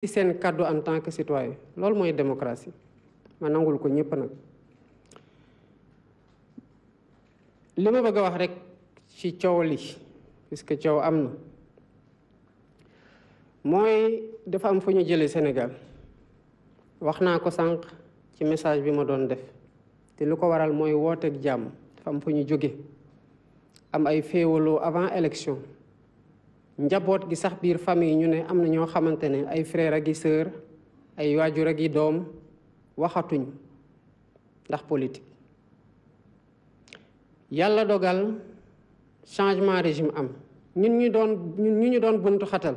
ci seen kàddu en tant que citoyen loolu mooy démocratie ma nangul ko ñëpp nag li ma bëgg a wax rek ci coow li puisque coow am na mooy dafa am fu ñu jëlee Sénégal wax naa ko sànq ci message bi ma doon def te lu ko waral mooy wooteeg jàmm dafa am fu ñu jóge am ay féewaloo avant élection njaboot gi sax biir famille ñu ne am na ñoo xamante ne ay frère ak i sœur ay waajur ak i doom waxatuñ ndax politique yàlla dogal changement régime am ñu ñu doon ñu ñu doon buntu xatal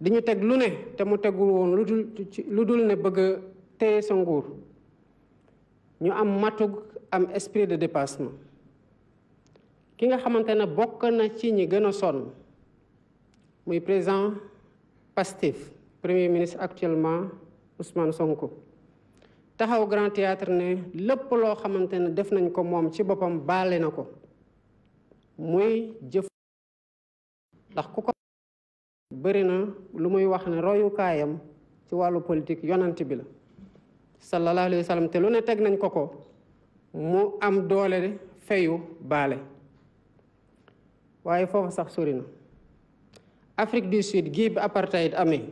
di ñu teg lu ne te mu tegu woon lu dul lu dul ne bëgg a sa nguur ñu am matug am esprit de dépassement ki nga xamante ne bokk na ci ñi gën a sonn muy président Pastef premier ministre actuellement Ousmane Sonko taxaw Grand Théâtre ne lépp loo xamante ne def nañ ko moom ci boppam baale na ko muy jëf ndax ku ko bëri na lu muy wax ne royukaayam ci wàllu politique yonant bi la sallallahu alayhi wa te lu ne teg nañ ko ko mu am doole feyu baale waaye foofu sax sori na Afrique du Sud gii bi apartheid amee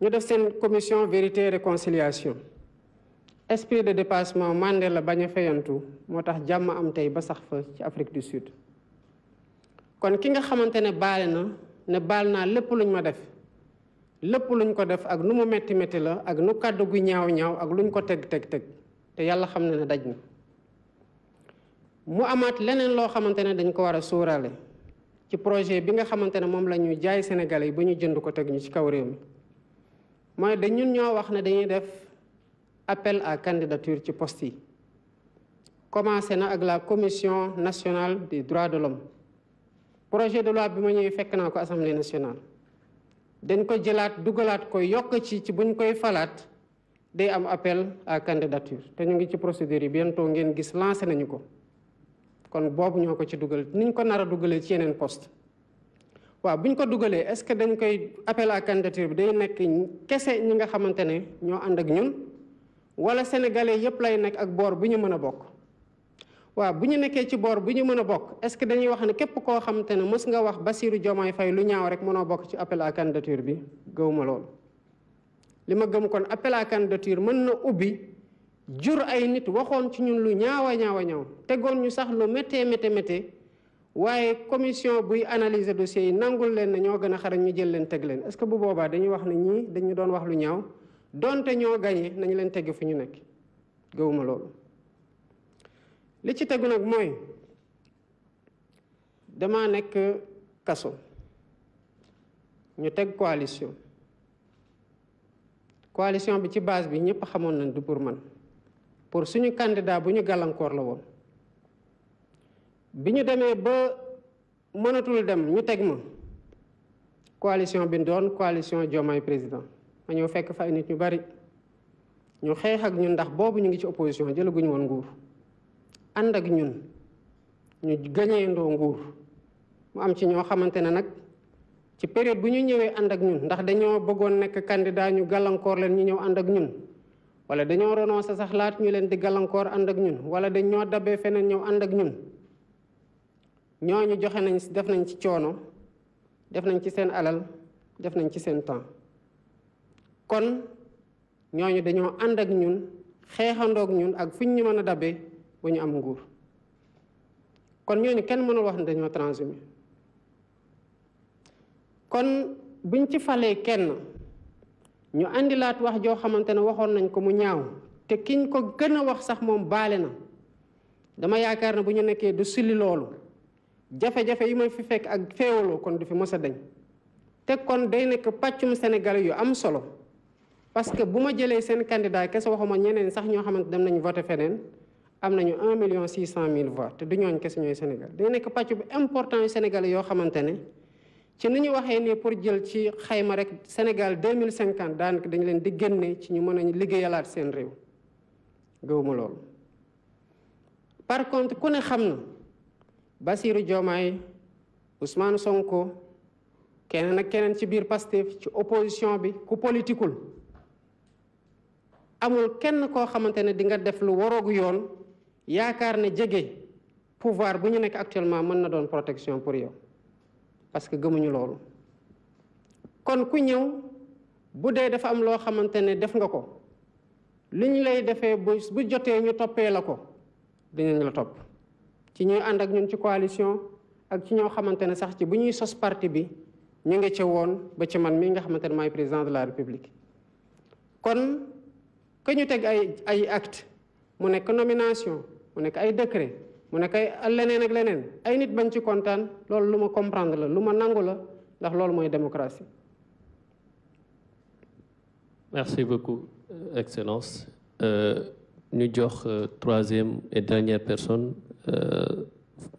ñu def seen commission vérité et réconciliation esprit de dépassement la bañ a fayantu moo tax jàmm am tey ba sax fa ci Afrique du Sud kon ki nga xamante ne baale na ne baal naa lépp luñ ma def lépp luñ ko def ak nu mu metti metti la ak nu kàddu gu ñaaw ñaaw ak luñ ko teg teg teg te yàlla xam na ne daj na mu amaat leneen loo xamante ne dañ ko war a sóoraale ci projet bi nga xamante ne moom la ñu jaay Sénégalais yi ba ñu jënd ko teg ci kaw réew mi mooy dañ ñun ñoo wax ne dañuy def appel à candidature ci poste yi commencé na ak la commission nationale des droits de l'homme projet de loi bi ma ñëwee fekk naa ko assemblée nationale dañ ko jëlaat dugalaat ko yokk ci ci buñ koy falaat day am appel à candidature te ñu ngi ci procédure yi bientôt ngeen gis lancé nañu ko kon boobu ñoo ko ci dugal niñ ko nar a dugalee ci yeneen poste bu ñu ko dugalee est-ce que dañ koy appel à candidature bi day nekk kese ñi nga xamante ne ñoo ànd ak ñun wala sénégalais yëpp lay nekk ak boor bu ñu mën a bokk waa bu ñu nekkee ci boor bu ñu mën a bokk est-ce que dañuy wax ne képp koo xamante ne mës nga wax Bassirou Diomaye fay lu ñaaw rek mënoo bokk ci appel à candidature bi gëwuma loolu li ma gëm kon appel à mën na ubbi jur ay nit waxoon ci ñun lu ñaawa ñaawa ñaaw tegoon ñu sax lu méttee méttee méttee waaye commission buy analyser dossier yi nangul leen na ñoo gën a xarañ ñu jël leen teg leen est que bu boobaa dañuy wax ne ñii dañu doon wax lu ñaaw donte ñoo gañe nañu leen tegg fu ñu nekk gëwuma loolu li ci tegu nag mooy dama nekk kaso ñu teg coalition coalition bi ci base bi ñëpp xamoon nañ du pour man pour suñu kandidaa bu ñu gàllankoor la woon bi ñu demee ba mënatul dem ñu teg ma coalition bi doon coalition Diomaye président ma ñëw fekk fa nit ñu bari ñu xeex ak ñun ndax boobu ñu ngi ci opposition jëlaguñu woon nguur ànd ak ñun ñu gañeendoo nguur mu am ci ñoo xamante ne nag ci période bu ñu ñëwee ànd ak ñun ndax dañoo bëggoon nekk kandidaa ñu gàllankoor leen ñu ñëw ànd ak ñun wala dañoo renoncé sax laat ñu leen di gàllankoor ànd ak ñun wala dañoo ñoo dabee feneen ñëw ànd ak ñun ñooñu joxe nañ def nañ ci coono def nañ ci seen alal def nañ ci seen temps kon ñooñu dañoo ànd ak ñun xeexandoog ñun ak fuñ ñu mën a dabe ba ñu am nguur kon ñooñu kenn mënul wax ne dañoo transhumé kon buñ ci falee kenn ñu andilaat wax joo xamante ne waxoon nañ ko mu ñaaw te kiñ ko gën a wax sax moom baale na dama yaakaar ne bu ñu nekkee du sulli loolu jafe-jafe yi may fi fekk ak féewaloo kon du fi mos deñ te kon day nekk pàccum sénégalais yu am solo parce que bu ma jëlee seen candidat kese waxuma ñeneen sax ñoo xamante dem nañu voté feneen am nañu un million six cent mille voix te du ñooñ kese ñooy Sénégal day nekk pàcc bu important yu sénégalais yoo xamante ne ci ni ñu waxee nii pour jël ci xayma rek Sénégal deux mille cinquante daanaka dañ leen di génne ci ñu mën a liggéeyalaat seen réew gëwuma loolu par contre ku ne xam na Bassirou Diomaye Ousmane Sonko keneen ak keneen ci biir Pastef ci opposition bi ku politikul amul kenn koo xamante ne di nga def lu waroogu yoon yaakaar ne jege pouvoir bu ñu nekk actuellement mën na doon protection pour yow parce que gëmuñu loolu kon ku ñëw bu dee dafa am loo xamante ne def nga ko li ñu lay defee bu bu jotee ñu toppee la ko dinañ la topp ci ñuy ànd ak ñun ci coalition ak ci ñoo xamante ne sax ci bu ñuy sos parti bi ñu ngi ca woon ba ci man mii nga xamante ne maay président de la république kon que ñu teg ay ay acte mu nekk nomination mu nekk ay décret mu ne kay leneen ak leneen ay nit bañ ci kontaan loolu lu ma comprendre la lu ma nangu la ndax loolu mooy démocratie. merci beaucoup euh, excellence euh, ñu jox euh, troisième et dernière personne euh,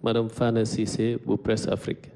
madame Fana Cissé bu Presse Afrique.